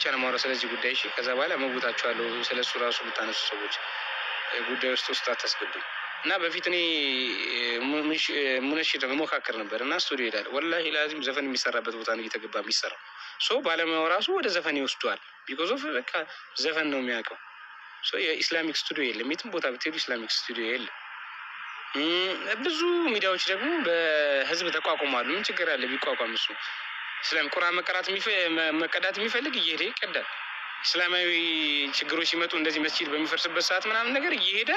ብቻ ነው ማውራት ስለዚህ ጉዳይ። እሺ፣ ከዛ በኋላ መጉታችኋለሁ። ስለ እሱ ራሱ ብታነሱ ሰዎች ጉዳይ ውስጥ ውስጥ አታስገቡኝ። እና በፊት እኔ ሙነሽድ መካከር ነበር እና ስቱዲዮ ይሄዳል። ወላሂ ላዚም ዘፈን የሚሰራበት ቦታ ነው እየተገባ የሚሰራው። ሶ ባለሙያው ራሱ ወደ ዘፈን ይወስዷል። ቢኮዝ ኦፍ በቃ ዘፈን ነው የሚያውቀው። ሶ የኢስላሚክ ስቱዲዮ የለም፣ የትም ቦታ ብትሄዱ ኢስላሚክ ስቱዲዮ የለም። ብዙ ሚዲያዎች ደግሞ በህዝብ ተቋቁሟሉ። ምን ችግር አለ ቢቋቋም እሱ ስለም ቁርአን መቀዳት የሚፈልግ እየሄደ ይቀዳል። እስላማዊ ችግሮች ሲመጡ እንደዚህ መስጂድ በሚፈርስበት ሰዓት ምናምን ነገር እየሄደ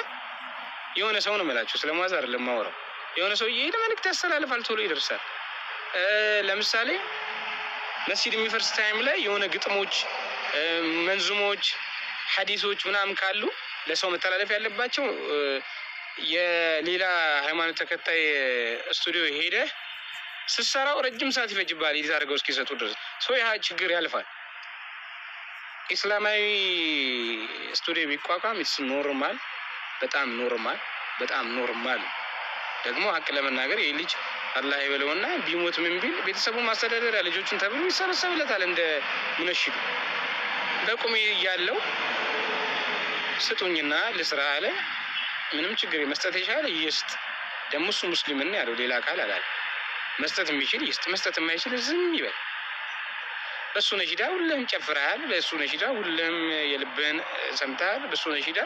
የሆነ ሰው ነው የምላቸው፣ ስለሟዝ አይደለም ማወራው። የሆነ ሰው እየሄደ መልእክት ያስተላልፋል፣ ቶሎ ይደርሳል። ለምሳሌ መስጂድ የሚፈርስ ታይም ላይ የሆነ ግጥሞች፣ መንዙሞች፣ ሀዲሶች ምናምን ካሉ ለሰው መተላለፍ ያለባቸው የሌላ ሃይማኖት ተከታይ ስቱዲዮ ሄደ ስትሰራው ረጅም ሰዓት ይፈጅባል የት አድርገው እስኪሰጡ ድረስ ሰው ያህ ችግር ያልፋል። ኢስላማዊ ስቱዲዮ ቢቋቋም ስ ኖርማል፣ በጣም ኖርማል፣ በጣም ኖርማል። ደግሞ ሀቅ ለመናገር ይህ ልጅ አላህ ይበለውና ቢሞት ምን ቢል ቤተሰቡ ማስተዳደሪያ ልጆቹን ተብሎ ይሰበሰብለታል። እንደ ሙነሽዱ በቁሜ ያለው ስጡኝና ልስራ አለ። ምንም ችግር መስጠት የቻለ ይስጥ። ደግሞ እሱ ሙስሊምን ያለው ሌላ አካል አላለ። መስጠት የሚችል ይስጥ፣ መስጠት የማይችል ዝም ይበል። በሱ ነሽዳ ሁለም ጨፍረሃል። በእሱ ነሽዳ ሁለም የልብህን ሰምተሃል። በሱ ነሽዳ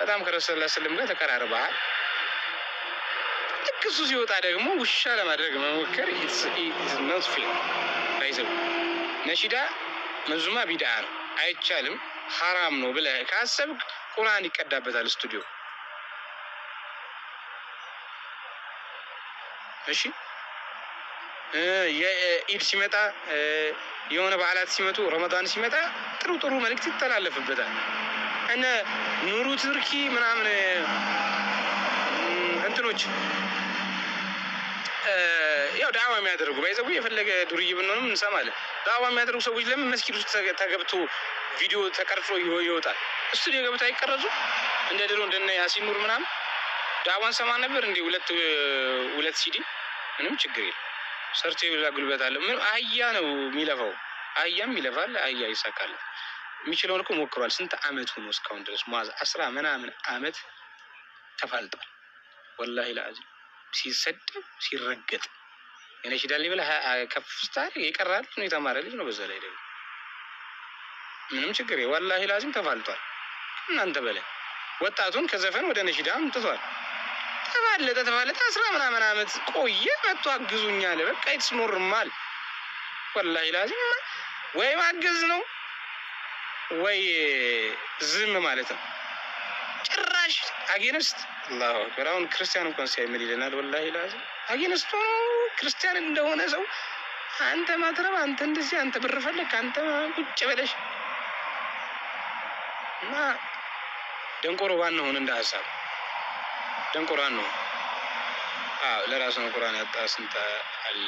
በጣም ከረሰላ ስልም ጋር ተቀራርበሃል። ልክ እሱ ሲወጣ ደግሞ ውሻ ለማድረግ መሞከር ኖት ፌር ይዘው ነሽዳ መንዙማ ቢድዓ ነው፣ አይቻልም፣ ሀራም ነው ብለህ ካሰብክ ቁርአን ይቀዳበታል ስቱዲዮ። እሺ የኢድ ሲመጣ የሆነ በዓላት ሲመጡ ረመዳን ሲመጣ ጥሩ ጥሩ መልእክት ይተላለፍበታል። እነ ኑሩ ቱርኪ ምናምን እንትኖች ያው ዳዕዋ የሚያደርጉ ባይዘጉ የፈለገ ዱርዬ ብንሆንም እንሰማለን። ዳዕዋ የሚያደርጉ ሰዎች ለምን መስጊድ ውስጥ ተገብቶ ቪዲዮ ተቀርጾ ይወጣል? ስቱዲዮ ገብቶ አይቀረጹ? እንደ ድሮ እንደነ ያሲን ኑር ምናምን ዳዕዋን ሰማ ነበር እንዲ ሁለት ሁለት ሲዲ ምንም ችግር የለም። ሰርቶ የበላ ጉልበት አለው። ምንም አህያ ነው የሚለፋው። አህያም ይለፋል፣ አህያ ይሳካል። የሚችለውን እኮ ሞክሯል። ስንት አመት ሆኖ እስካሁን ድረስ ሟዝ አስራ ምናምን አመት ተፋልጧል። ወላሂ ለአዚም ሲሰደብ ሲረገጥ እኔ ሽዳል ሊበላ ከፍ ስታሪ የቀራል ነው የተማረ ልጅ ነው። በዛ ላይ ደግሞ ምንም ችግር ወላሂ ለአዚም ተፋልጧል። እናንተ በላይ ወጣቱን ከዘፈን ወደ ነሽዳ አምጥቷል። ተባለጠ ተባለጠ አስራ ምናምን አመት ቆየ። መጥቶ አግዙኝ አለ። በቃ ኢትስ ኖርማል ወላሂ ላዚም ወይ ማገዝ ነው ወይ ዝም ማለት ነው። ጭራሽ አጌንስት አላሁ አክበር። አሁን ክርስቲያን እንኳን ሲያምል ይለናል። ወላሂ ላዚም አጌንስት ሆኖ ክርስቲያን እንደሆነ ሰው አንተ ማትረብ፣ አንተ እንደዚህ፣ አንተ ብር ፈለክ፣ አንተ ቁጭ በለሽ እና ደንቆሮ ባንሆን እንደ ሀሳብ ድንቁራን ነው ለራሱ ነው። ቁርአን ያጣ ስንት አለ።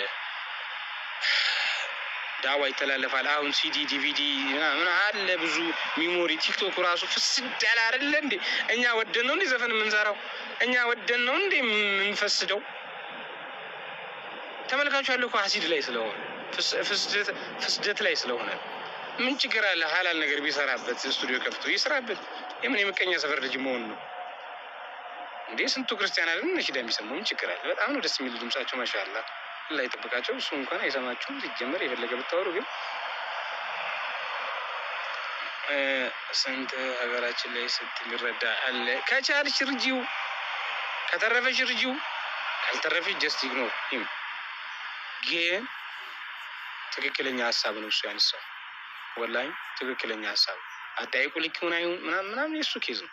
ዳዋ ይተላለፋል። አሁን ሲዲ ዲቪዲ ምናምን አለ ብዙ ሚሞሪ፣ ቲክቶክ ራሱ ፍስድ ያለ አይደለ እንዴ? እኛ ወደን ነው እንዴ ዘፈን የምንሰራው? እኛ ወደን ነው እንዴ የምንፈስደው? ተመልካቹ ያለው እኮ አሲድ ላይ ስለሆነ ፍስደት ላይ ስለሆነ ምን ችግር አለ? ሀላል ነገር ቢሰራበት ስቱዲዮ ከፍቶ ይስራበት። የምን የምቀኛ ሰፈር ልጅ መሆን ነው። እንዴ ስንቱ ክርስቲያን አለን እሺ፣ ለሚሰሙ ችግር አለ። በጣም ነው ደስ የሚል ድምጻቸው ማሻላ ላይ ይጠብቃቸው። እሱ እንኳን አይሰማችሁም ሲጀመር የፈለገ ብታወሩ። ግን ስንት ሀገራችን ላይ ስትረዳ አለ። ከቻልሽ ርጂው፣ ከተረፈሽ ርጂው፣ ካልተረፈሽ ጀስት ኢግኖር ሂም። ግን ትክክለኛ ሀሳብ ነው እሱ ያነሳው። ወላሂ ትክክለኛ ሀሳብ አጠያይቁ ልክ ምናምን ምናምን የእሱ ኬዝ ነው።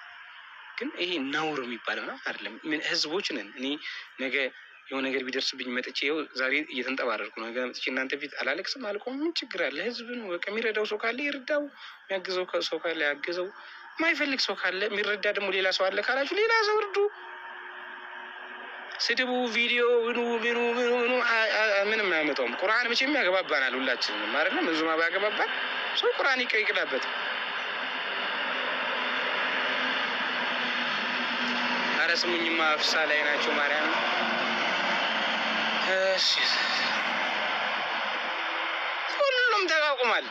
ግን ይሄ ነውር የሚባለው ነው አይደለም። ምን ህዝቦች ነን። እኔ ነገ የሆነ ነገር ቢደርስብኝ መጥቼ ይኸው ዛሬ እየተንጠባረርኩ ነው። ነገ መጥቼ እናንተ ፊት አላለቅስም፣ አልቆም። ምን ችግር አለ? ህዝብ ነው በቃ። የሚረዳው ሰው ካለ ይርዳው፣ የሚያግዘው ሰው ካለ ያግዘው። የማይፈልግ ሰው ካለ የሚረዳ ደግሞ ሌላ ሰው አለ ካላችሁ ሌላ ሰው እርዱ። ስድቡ፣ ቪዲዮ፣ ምኑ ምኑ ምኑ ምንም አያመጣውም። ቁርአን መቼም ያገባባናል፣ ሁላችንም አይደለም። እዙማ ባያገባባን ሰው ቁርአን ይቀይቅላበት አያስሙኝማ ፍሳ ላይ ናቸው። ማርያም እሺ፣ ሁሉም ተቃቁማል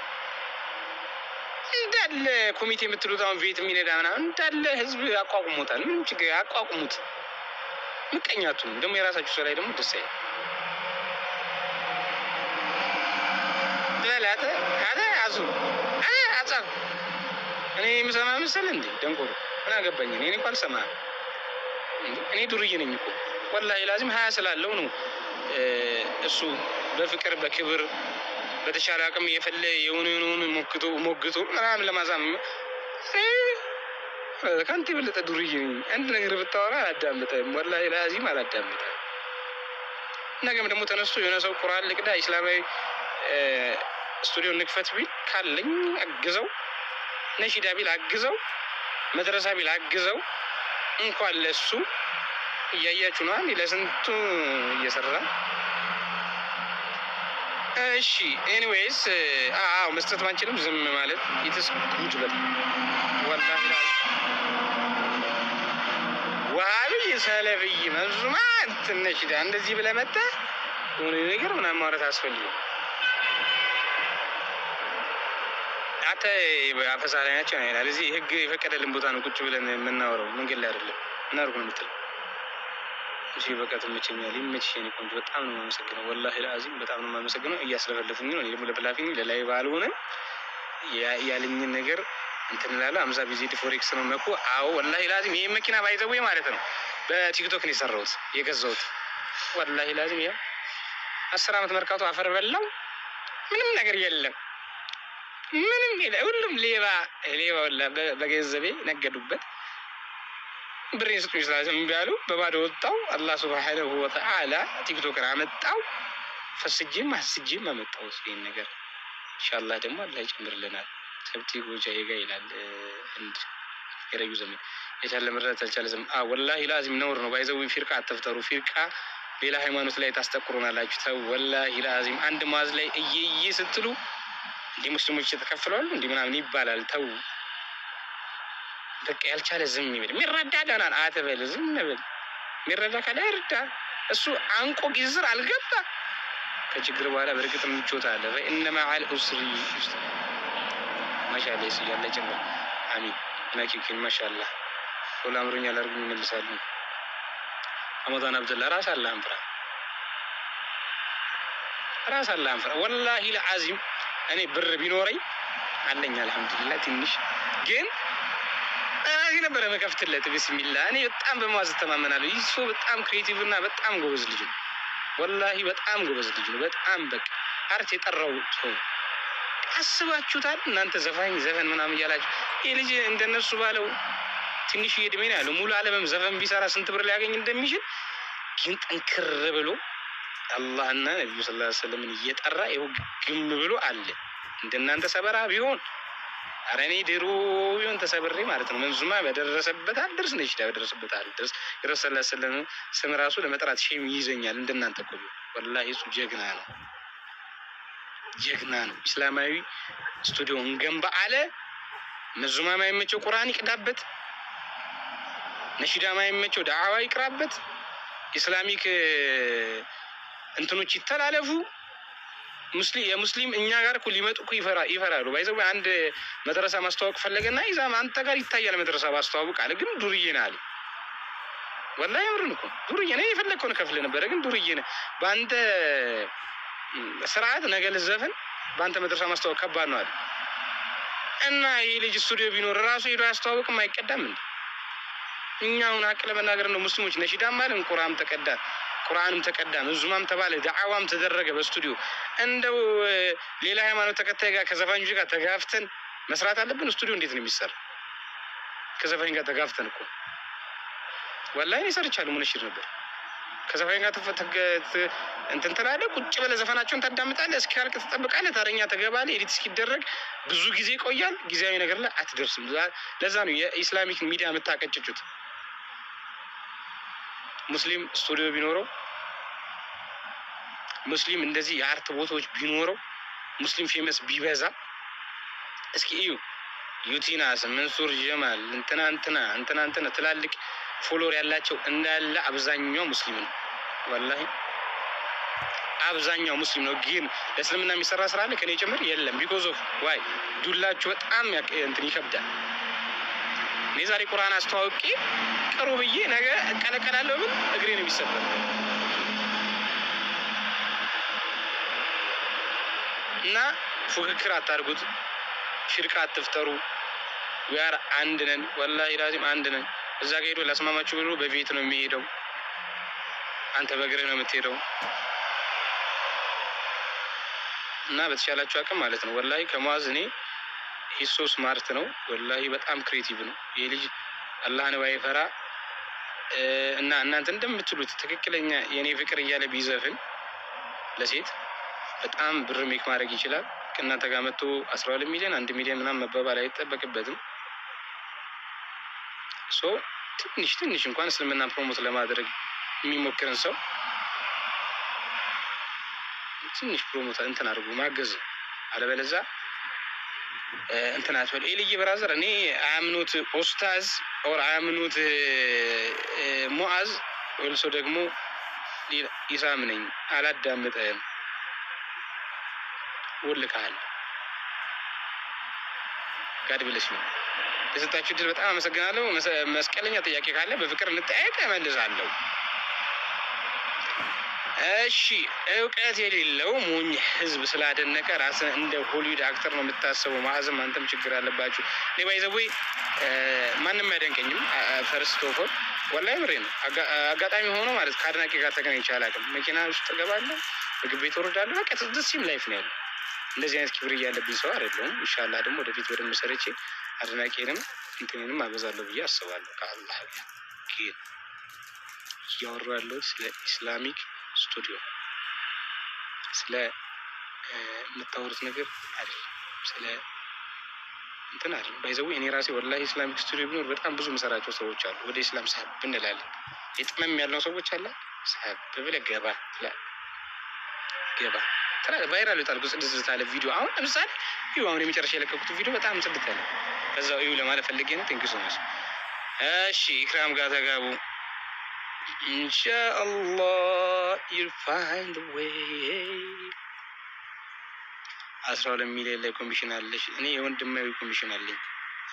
እንዳለ ኮሚቴ የምትሉት አሁን ቤት የሚነዳ ምናምን እንዳለ ህዝብ አቋቁሞታል። ምንም ችግር አቋቁሙት። ምቀኛቱ ደግሞ የራሳችሁ ሰው ላይ ደግሞ ደስ በላተ አተ አዙ አጻ እኔ የምሰማ መሰለህ እንዴ? ደንቆሮ ምን አገባኝ እኔ እንኳን ሰማ እኔ ዱርዬ ነኝ እኮ ወላሂ ላዚም ሀያ ስላለው ነው እሱ በፍቅር በክብር በተሻለ አቅም የፈለ የሆነ የሆነውን ሞግቶ ሞግቶ ምናምን ለማዛም ከአንተ የበለጠ ዱርዬ ነኝ። አንድ ነገር ብታወራ አላዳምጠም፣ ወላሂ ላዚም አላዳምጠም። ነገም ደግሞ ተነስቶ የሆነ ሰው ቁርአን ልቅዳ ኢስላማዊ ስቱዲዮ ንክፈት ቢል ካለኝ አግዘው፣ ነሺዳ ቢል አግዘው፣ መድረሳ ቢል አግዘው እንኳን ለሱ እያያችሁ ነዋ። ለስንቱ እየሰራ እሺ። ኤኒዌይስ አዎ፣ መስጠት ማንችልም ዝም ማለት ይትስ ቁጭ በል ወላ ዋሃብይ ሰለብይ መዙማ ትነሽዳ እንደዚህ ብለህ መጣ የሆነ ነገር ምናምን ማውራት አስፈልግም። እናንተ አፈሳ ላይ ናቸው ነው ይላል። እዚህ ህግ የፈቀደልን ቦታ ነው ቁጭ ብለን የምናወረው መንገድ ላይ አይደለም። እናርጉ ነው የምትለው? እሺ በቃ ትመቸኛል። ይመችሽ የእኔ ቆንጆ። በጣም ነው የማመሰግነው፣ ወላሂ ለአዚም በጣም ነው የማመሰግነው። እያስለፈለፉኝ ነው ደግሞ ለፍላፊኝ ለላይ ባልሆነ ያለኝን ነገር እንትን እላለሁ። አምሳ ቢዜድ ፎሬክስ ነው መኩ። አዎ ወላሂ ለአዚም ይህ መኪና ባይዘዌ ማለት ነው በቲክቶክ ነው የሰራሁት የገዛሁት። ወላሂ ለአዚም ያው አስር አመት መርካቶ አፈር በላው ምንም ነገር የለም። ምንም የለ። ሁሉም ሌባ ሌባ ወላ በገንዘቤ ነገዱበት። ብሬ ስጡ ስላቸው እምቢ በባዶ ወጣው። አላህ ሱብሓነሁ ወተዓላ ቲክቶክን አመጣው። ፈስጅም አስጅም አመጣው። ይህን ነገር እንሻላ ደግሞ አላህ ይጨምርልናል። ሰብቲ ጎጃ ጋ ይላል እንድ የረዩ ዘመን የቻለ መረዳት ያልቻለ ዘመን ወላሂ ላዚም ነውር ነው። ባይዘዊን ፊርቃ አተፍጠሩ ፊርቃ ሌላ ሃይማኖት ላይ ታስጠቁሩናላችሁ። ተው ወላሂ ላዚም አንድ ማዝ ላይ እየዬ ስትሉ እንዲህ ሙስሊሞች የተከፍለዋሉ እንዲህ ምናምን ይባላል። ተው በቃ ያልቻለ ዝም ይበል። የሚረዳ ደህና አትበል፣ ዝም በል። የሚረዳ ካለ ይርዳ። እሱ አንቆ ጊዝር አልገባ ከችግር በኋላ በእርግጥ ምቾት አለ። በእነማ አል ኡስሪ ማሻላ ይስያለ ጭምር አሚን ናኪኪን ማሻላ ሁሉ አምሮኛ ላርጉ ይመልሳሉ። አመዛን አብደላ ራስ አላህን ፍራ፣ ራስ አላህን ፍራ። ወላሂ ለአዚም እኔ ብር ቢኖረኝ አለኝ አልሐምዱሊላ ትንሽ ግን እዚህ ነበረ መከፍትለት። ብስሚላ እኔ በጣም በመዋዝ ተማመናለሁ። ይህ ሰው በጣም ክሬቲቭ እና በጣም ጎበዝ ልጅ ነው። ወላሂ በጣም ጎበዝ ልጅ ነው። በጣም በቃ አርት የጠራው ሰው አስባችሁታል እናንተ ዘፋኝ ዘፈን ምናምን እያላችሁ ይህ ልጅ እንደነሱ ባለው ትንሽ እድሜ ነው ያለው። ሙሉ ዓለምም ዘፈን ቢሰራ ስንት ብር ሊያገኝ እንደሚችል ግን ጠንክር ብሎ አላህና ነቢዩ ስላ ስለምን እየጠራ ይኸው ግም ብሎ አለ። እንደናንተ ሰበራ ቢሆን አረ እኔ ድሮ ቢሆን ተሰብሬ ማለት ነው። መንዙማ በደረሰበት አልደርስ ነች በደረሰበት አልደርስ ረሱ ስ ስለም ስም ራሱ ለመጥራት ሼም ይይዘኛል። እንደናንተ እኮ ወላ እሱ ጀግና ነው፣ ጀግና ነው። ኢስላማዊ ስቱዲዮን ገንባ አለ። መንዙማ ማይመቸው ቁርአን ይቅዳበት፣ ነሽዳ ማይመቸው ዳዕዋ ይቅራበት፣ ኢስላሚክ እንትኖች ይተላለፉ የሙስሊም እኛ ጋር እኮ ሊመጡ እኮ ይፈራሉ። ባይዘው አንድ መድረሳ ማስተዋወቅ ፈለገና ይዛም አንተ ጋር ይታያል መድረሳ ማስተዋወቅ አለ። ግን ዱርዬ ነህ አለ። ወላሂ ምርን እኮ ዱርዬ ነህ። የፈለግከውን ከፍል ነበረ፣ ግን ዱርዬ ነህ። በአንተ ስርዓት ነገ ልዘፍን፣ በአንተ መድረሳ ማስተዋወቅ ከባድ ነው አለ እና ይህ ልጅ ስቱዲዮ ቢኖር ራሱ ሄዶ አያስተዋወቅም አይቀዳም እንዴ? እኛ አሁን አቅለ መናገር ነው ሙስሊሞች ነሽዳም አለን ቁርአን ተቀዳል ቁርአንም ተቀዳም እዙማም ተባለ ዳዕዋም ተደረገ በስቱዲዮ እንደው ሌላ ሃይማኖት ተከታይ ጋር ከዘፋኞች ጋር ተጋፍተን መስራት አለብን። ስቱዲዮ እንዴት ነው የሚሰራ? ከዘፋኝ ጋር ተጋፍተን እኮ ወላሂ እኔ ሰርቻለሁ። ሙነሽድ ነበር ከዘፋኝ ጋር እንትን ትላለህ፣ ቁጭ ብለህ ዘፈናቸውን ታዳምጣለህ፣ እስኪያልቅ ትጠብቃለህ፣ ታረኛ ተገባለህ፣ ኤዲት እስኪደረግ ብዙ ጊዜ ይቆያል። ጊዜያዊ ነገር ላይ አትደርስም። ለዛ ነው የኢስላሚክ ሚዲያ የምታቀጭጩት። ሙስሊም ስቱዲዮ ቢኖረው ሙስሊም እንደዚህ የአርት ቦታዎች ቢኖረው ሙስሊም ፌመስ ቢበዛ እስኪ እዩ ዩቲናስ ምንሱር ጀማል እንትና እንትና እንትና እንትና ትላልቅ ፎሎር ያላቸው እንዳለ አብዛኛው ሙስሊም ነው። ወላሂ አብዛኛው ሙስሊም ነው። ግን ለእስልምና የሚሰራ ስራ አለ ከኔ ጭምር የለም። ቢኮዝ ኦፍ ዋይ ዱላችሁ በጣም እንትን ይከብዳል። እኔ ዛሬ ቁርአን አስተዋውቄ ቅሩ ብዬ ነገ እቀለቀላለሁ ብል እግሬ ነው የሚሰበር እና ፉክክር አታርጉት ፊርቃ አትፍጠሩ። ጋር አንድ ነን፣ ወላሂ ላዚም አንድ ነን። እዛ ጋ ሄዶ ላስማማችሁ ብሎ በቤት ነው የሚሄደው፣ አንተ በእግርህ ነው የምትሄደው። እና በተሻላችሁ አቅም ማለት ነው ወላሂ ከሙአዝ እኔ ሂሶ ስማርት ነው ወላሂ፣ በጣም ክሬቲቭ ነው ይህ ልጅ አላህን ባይፈራ እና እናንተ እንደምትሉት ትክክለኛ የእኔ ፍቅር እያለ ቢዘፍን ለሴት በጣም ብር ሜክ ማድረግ ይችላል። ከእናንተ ጋር መጥቶ አስራ ሁለት ሚሊዮን አንድ ሚሊዮን ምናምን መባባል አይጠበቅበትም። ሶ ትንሽ ትንሽ እንኳን እስልምና ፕሮሞት ለማድረግ የሚሞክርን ሰው ትንሽ ፕሮሞት እንትን አድርጉ ማገዝ አለበለዛ እንትን አትበሉ። ኤልዬ ብራዘር እኔ አያምኑት ኦስታዝ ኦር አያምኑት ሙአዝ ወልሶ ደግሞ ይሳምነኝ ነኝ አላዳምጠም ወልካል። ጋድ ብለሽ ነው የሰጣችሁ ድል በጣም አመሰግናለሁ። መስቀለኛ ጥያቄ ካለ በፍቅር እንጠያየቅ እመልሳለሁ። እሺ እውቀት የሌለው ሞኝ ህዝብ ስላደነቀ ራስ እንደ ሆሊውድ አክተር ነው የምታስቡ። ማዕዝም አንተም ችግር አለባችሁ። እኔ ባይዘዌ ማንም አይደንቀኝም። ፈርስት ኦፍ ኦል ወላሂ ብሬ ነው። አጋጣሚ ሆኖ ማለት ከአድናቂ ጋር ተገናኝቼ አላውቅም። መኪና ውስጥ እገባለሁ፣ ምግብ ቤት ወርዳለሁ። በቃ ደስ ይም ላይፍ ነው ያለው እንደዚህ አይነት ክብር እያለብኝ ሰው አይደለሁም። ኢንሻላህ ደግሞ ወደፊት ወደ መሰረቼ አድናቄንም እንትንንም አበዛለሁ ብዬ አስባለሁ። ከአላህ ግን እያወሩ ያለሁት ስለ ኢስላሚክ ስቱዲዮ ስለ የምታወሩት ነገር አይደለም፣ ስለ እንትን አይደለም። ባይዘው እኔ ራሴ ወላሂ ኢስላሚክ ስቱዲዮ ቢኖር በጣም ብዙ መሰራቸው ሰዎች አሉ። ወደ ኢስላም ሳብ እንላለን። የጥመም ያለው ሰዎች አለ ሳብ ብለህ ገባ ገባ ቫይራል ይወጣል ጽድት ያለ ቪዲዮ። አሁን ለምሳሌ ይሁ አሁን የመጨረሻ የለቀቁት ቪዲዮ በጣም ጽድት ያለ ከዛ ይሁ ለማለት ፈልጌ ነው። ቴንክ ዩ ሶ ማች። እሺ ኢክራም ጋር ተጋቡ ኢንሻአላህ ዩል ፋይንድ ዌይ። አስራ ሁለት ሚሊዮን ላይ ኮሚሽን አለሽ፣ እኔ የወንድማዊ ኮሚሽን አለኝ፣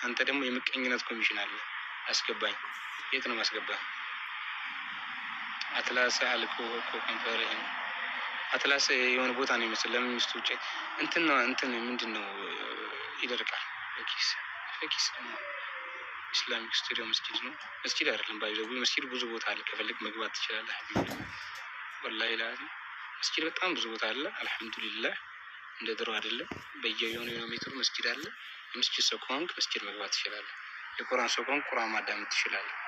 አንተ ደግሞ የምቀኝነት ኮሚሽን አለ። አስገባኝ። የት ነው ማስገባ? አትላሳ አልኮ እኮ አትላስ የሆነ ቦታ ነው ይመስል ለምን ሚስቱ ውጭ እንትን ነው እንትን ምንድን ነው ይደርቃል። ፈኪስ ፈኪስ ኢስላሚክ ስቱዲዮ መስጊድ ነው መስጊድ አይደለም። ባይዘጉ መስጊድ ብዙ ቦታ አለ፣ ከፈልግ መግባት ትችላለህ። ወላሂ ላዚ መስጊድ በጣም ብዙ ቦታ አለ። አልሐምዱሊላህ እንደ ድሮ አይደለም። በየየሆነ የሆነ ሜትሩ መስጊድ አለ። የመስጊድ ሰው ከሆንክ መስጊድ መግባት ትችላለህ። የቁርአን ሰው ከሆንክ ቁርአን ማዳመጥ ትችላለህ።